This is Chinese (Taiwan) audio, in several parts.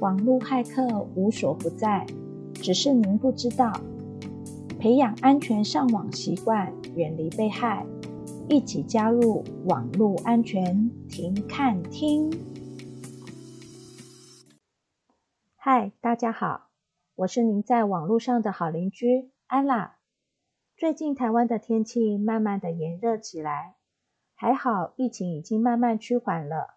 網絡駭客無所不在，只是您不知道。培養安全上網習慣，遠離被害，一起加入網絡安全停看聽。嗨，大家好，我是您在網絡上的好鄰居安娜。最近台灣的天氣慢慢的炎熱起來，還好疫情已經慢慢趨緩了。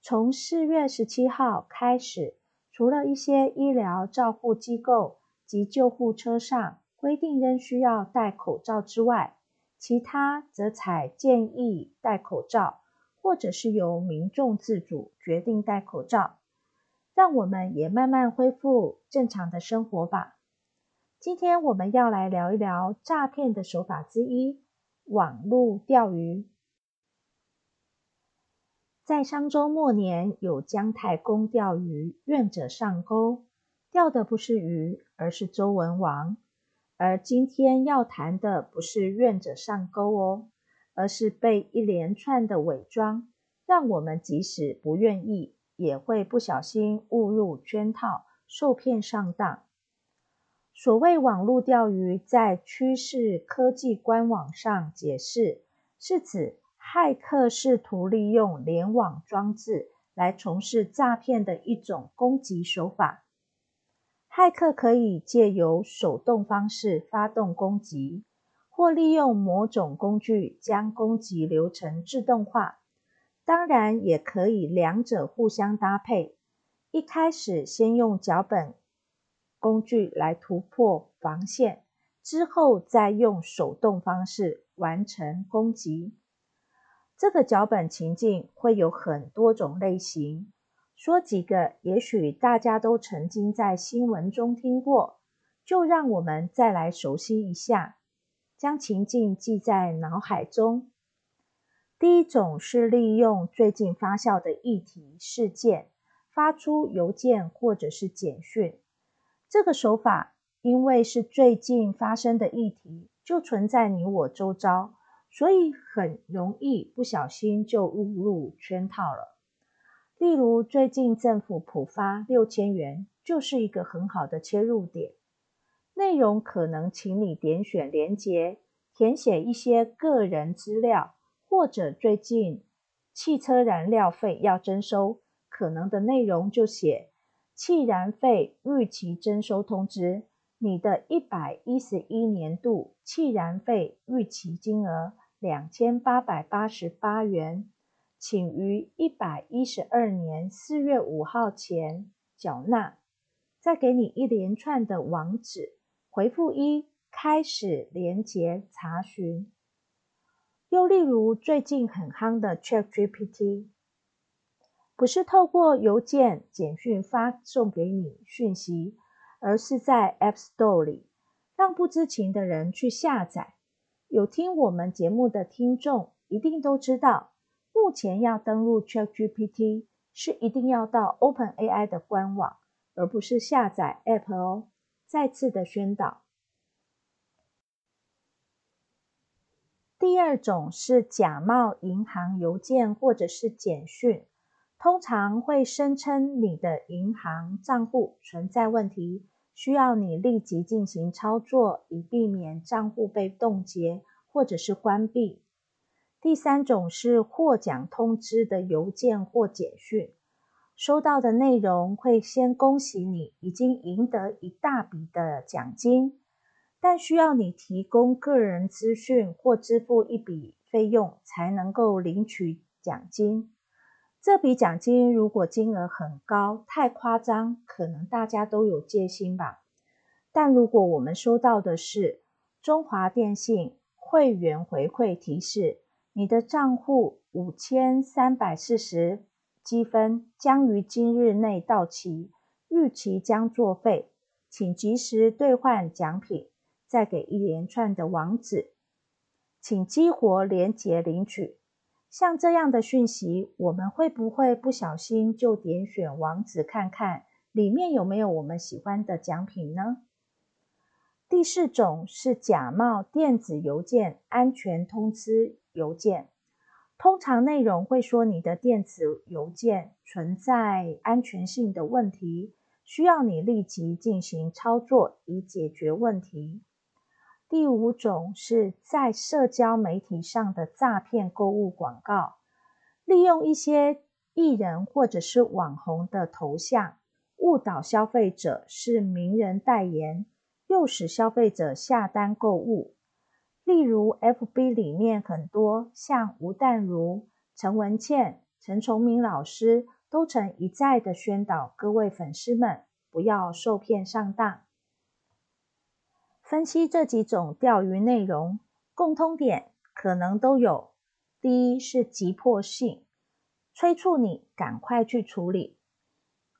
從四月十七號開始。除了一些醫療照護機構及救護車上規定仍需要戴口罩之外，其他則採建議戴口罩，或者是由民眾自主決定戴口罩。讓我們也慢慢恢復正常的生活吧。今天我們要來聊一聊詐騙的手法之一——網路釣魚。在商周末年，有姜太公釣魚，願者上鈎。釣的不是魚，而是周文王。而今天要談的不是願者上鈎哦，而是被一連串的偽裝，讓我們即使不願意，也會不小心誤入圈套，受騙上當。所謂網絡釣魚，在趨勢科技官網上解釋，是指，駭客試圖利用聯網裝置來從事詐騙的一種攻擊手法。駭客可以借由手動方式發動攻擊，或利用某種工具將攻擊流程自動化。當然，也可以兩者互相搭配。一開始先用腳本工具來突破防線，之後再用手動方式完成攻擊。這個腳本情境會有很多種類型，說幾個，也許大家都曾經在新聞中聽過，就讓我們再來熟悉一下，將情境記在腦海中。第一種是利用最近發酵的議題、事件，發出郵件或者是簡訊。這個手法因為是最近發生的議題，就存在你我周遭。所以很容易不小心就誤入圈套了。例如，最近政府普發六千元，就是一個很好的切入點。內容可能請你點選鏈接，填寫一些個人資料，或者最近汽車燃料費要徵收，可能的內容就寫“汽燃費逾期徵收通知”，你的一百一十一年度汽燃費逾期金額。兩千八百八十八元，請於一百一十二年四月五號前繳納。再給你一連串的網址，回復一，開始連接查詢。又例如，最近很夯的 ChatGPT，不是透過郵件、簡訊發送給你訊息，而是在 App Store 裡，讓不知情的人去下載。有聽我們節目的聽眾一定都知道，目前要登錄 ChatGPT 是一定要到 OpenAI 的官網，而不是下載 App 哦。再次的宣導。第二種是假冒銀行郵件或者是簡訊，通常會聲稱你的銀行賬戶存在問題。需要你立即進行操作，以避免賬戶被凍結或者是關閉。第三種是獲獎通知的郵件或簡訊，收到的內容會先恭喜你已經贏得一大筆的獎金，但需要你提供個人資訊或支付一筆費用才能夠領取獎金。這筆獎金如果金額很高，太誇張，可能大家都有戒心吧。但如果我們收到的是中華電信會員回饋提示，你的賬戶五千三百四十積分將於今日內到期，逾期將作廢，請及時兌換獎品。再給一連串的網址，請激活連結領取。像這樣的訊息，我們會不會不小心就點選網址看看裡面有沒有我們喜歡的獎品呢？第四種是假冒電子郵件安全通知郵件，通常內容會說你的電子郵件存在安全性的問題，需要你立即進行操作以解決問題。第五種是在社交媒體上的詐騙購物廣告，利用一些藝人或者是網紅的頭像，誤導消費者是名人代言，誘使消費者下單購物。例如，FB 裡面很多像吳淡如、陳文茜、陳崇明老師，都曾一再的宣導各位粉絲們不要受騙上當。分析這幾種釣魚內容共通點，可能都有：第一是急迫性，催促你趕快去處理；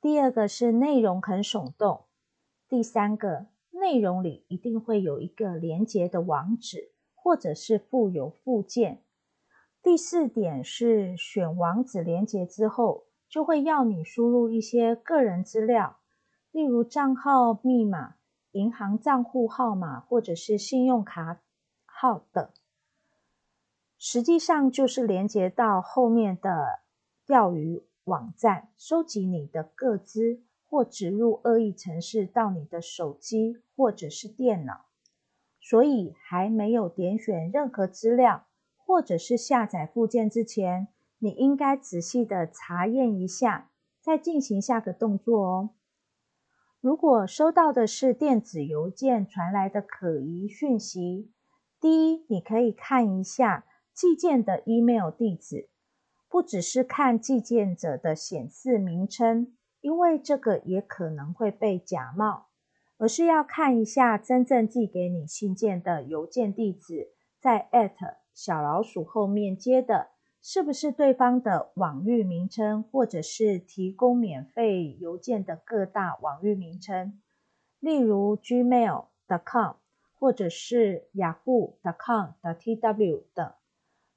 第二個是內容很聳動；第三個，內容裡一定會有一個連接的網址，或者是附有附件；第四點是選網址連接之後，就會要你輸入一些個人資料，例如賬號密碼。銀行賬戶號碼或者是信用卡號等，實際上就是連接到後面的釣魚網站，收集你的個資或植入惡意程式到你的手機或者是電腦。所以還沒有點選任何資料或者是下載附件之前，你應該仔細的查驗一下，再進行下個動作哦。如果收到的是電子郵件傳來的可疑訊息，第一，你可以看一下寄件的 email 地址，不只是看寄件者的顯示名稱，因為這個也可能會被假冒，而是要看一下真正寄給你信件的郵件地址，在 at 小老鼠後面接的，是不是對方的網域名稱，或者是提供免費郵件的各大網域名稱，例如 Gmail dot com 或者是 Yahoo dot com dot tw 等？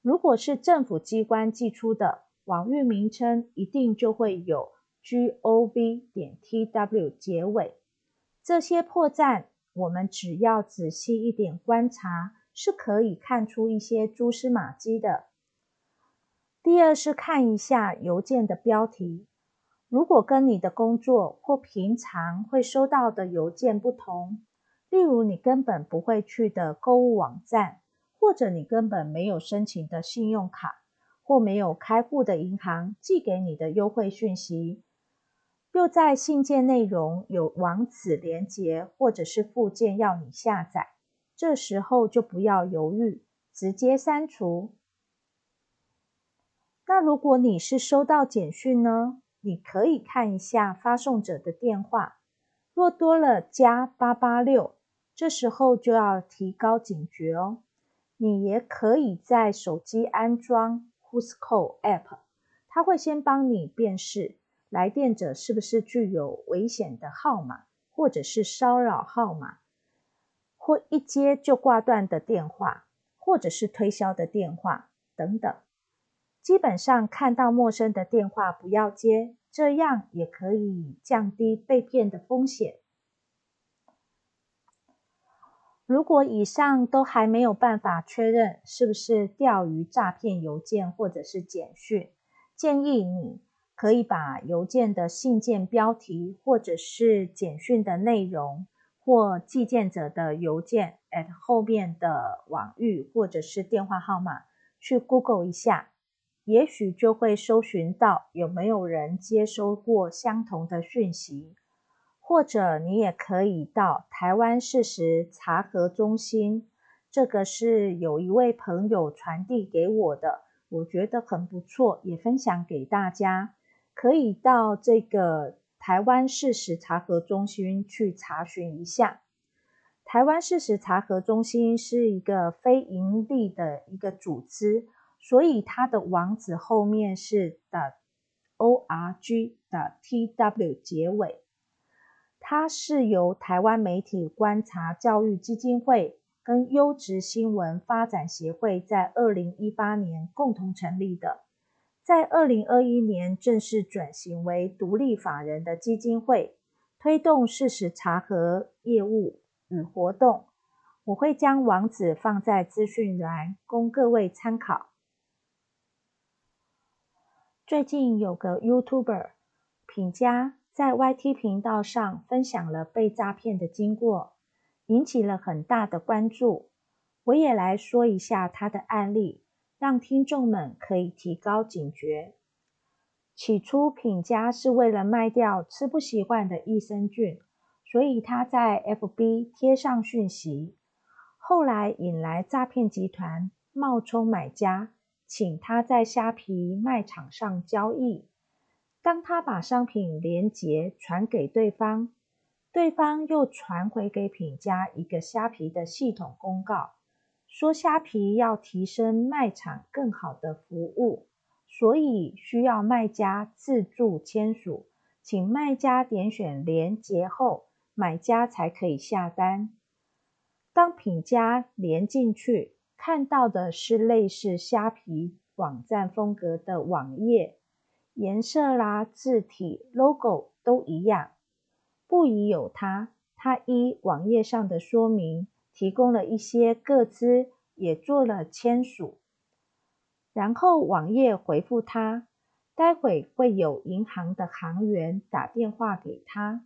如果是政府機關寄出的網域名稱，一定就會有 gov 點 tw 結尾。這些破綻，我們只要仔細一點觀察，是可以看出一些蛛絲馬跡的。第二是看一下郵件的標題，如果跟你的工作或平常會收到的郵件不同，例如你根本不會去的購物網站，或者你根本沒有申請的信用卡，或沒有開戶的銀行寄給你的優惠訊息，又在信件內容有網址連結或者是附件要你下載，這時候就不要猶豫，直接刪除。那如果你是收到簡訊呢？你可以看一下發送者的電話，若多了加886，這時候就要提高警覺哦。你也可以在手機安裝 Who's Call App，它會先幫你辨識來電者是不是具有危險的號碼，或者是騷擾號碼，或一接就掛斷的電話，或者是推銷的電話等等。基本上看到陌生的電話不要接，這樣也可以降低被騙的風險。如果以上都還沒有辦法確認是不是釣魚詐騙郵件或者是簡訊，建議你可以把郵件的信件標題或者是簡訊的內容或寄件者的郵件 at 後面的網域或者是電話號碼去 Google 一下。也許就會搜尋到有沒有人接收過相同的訊息，或者你也可以到台灣事實查核中心。這個是有一位朋友傳遞給我的，我覺得很不錯，也分享給大家。可以到這個台灣事實查核中心去查詢一下。台灣事實查核中心是一個非營利的一個組織。所以它的網址後面是的，org 的 tw 結尾，它是由台灣媒體觀察教育基金會跟優質新聞發展協會在二零一八年共同成立的，在二零二一年正式轉型為獨立法人的基金會，推動事實查核業務與活動。我會將網址放在資訊欄，供各位參考。最近有個 YouTuber 品家在 YT 頻道上分享了被詐騙的經過，引起了很大的關注。我也來說一下他的案例，讓聽眾們可以提高警覺。起初品家是為了賣掉吃不習慣的益生菌，所以他在 FB 貼上訊息，後來引來詐騙集團冒充買家。請他在蝦皮賣場上交易。當他把商品連結傳給對方，對方又傳回給品家一個蝦皮的系統公告，說蝦皮要提升賣場更好的服務，所以需要賣家自助簽署，請賣家點選連結後，買家才可以下單。當品家連進去，看到的是類似蝦皮網站風格的網頁，顏色啦、啊、字體、logo 都一樣。不疑有他，他依網頁上的說明提供了一些個資，也做了簽署。然後網頁回覆他，待會會有銀行的行員打電話給他，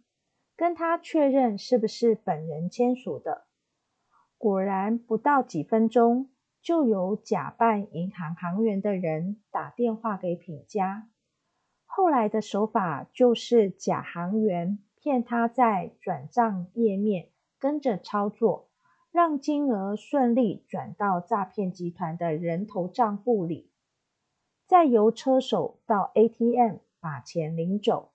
跟他確認是不是本人簽署的。果然不到幾分鐘，就有假扮銀行行員的人打電話給品家，後來的手法就是假行員騙他在轉賬頁面跟着操作，讓金額順利轉到詐騙集團的人頭賬戶裡，再由車手到 ATM 把錢領走。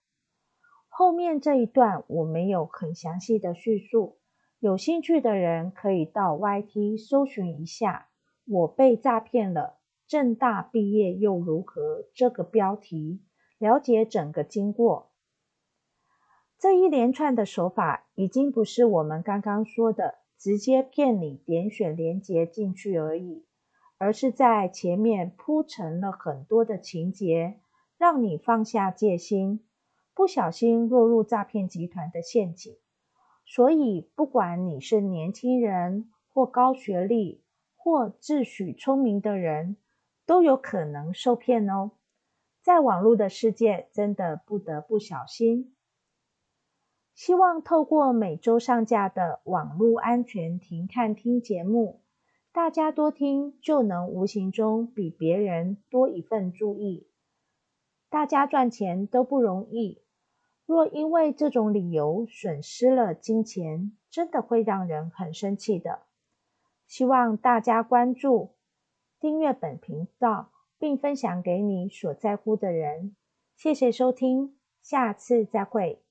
後面這一段我沒有很詳細的敘述。有興趣的人可以到 YT 搜尋一下“我被詐騙了，政大畢業又如何”這個標題，了解整個經過。這一連串的手法已經不是我們剛剛說的直接騙你點選連結進去而已，而是在前面鋪陳了很多的情節，讓你放下戒心，不小心落入詐騙集團的陷阱。所以，不管你是年輕人，或高學歷，或自詡聰明的人，都有可能受騙哦。在網絡的世界，真的不得不小心。希望透過每周上架的網絡安全停看聽節目，大家多聽，就能無形中比別人多一份注意。大家賺錢都不容易。若因為這種理由損失了金錢，真的會讓人很生氣的。希望大家關注、訂閱本頻道，並分享給你所在乎的人。謝謝收聽，下次再會。